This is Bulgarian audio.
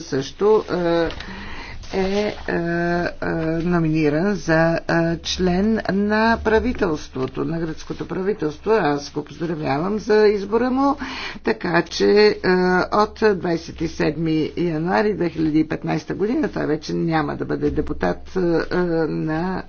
също е, е, е номиниран за е, член на правителството, на гръцкото правителство. Аз го поздравявам за избора му. Така че от 27 януари 2015 година той вече няма да бъде депутат на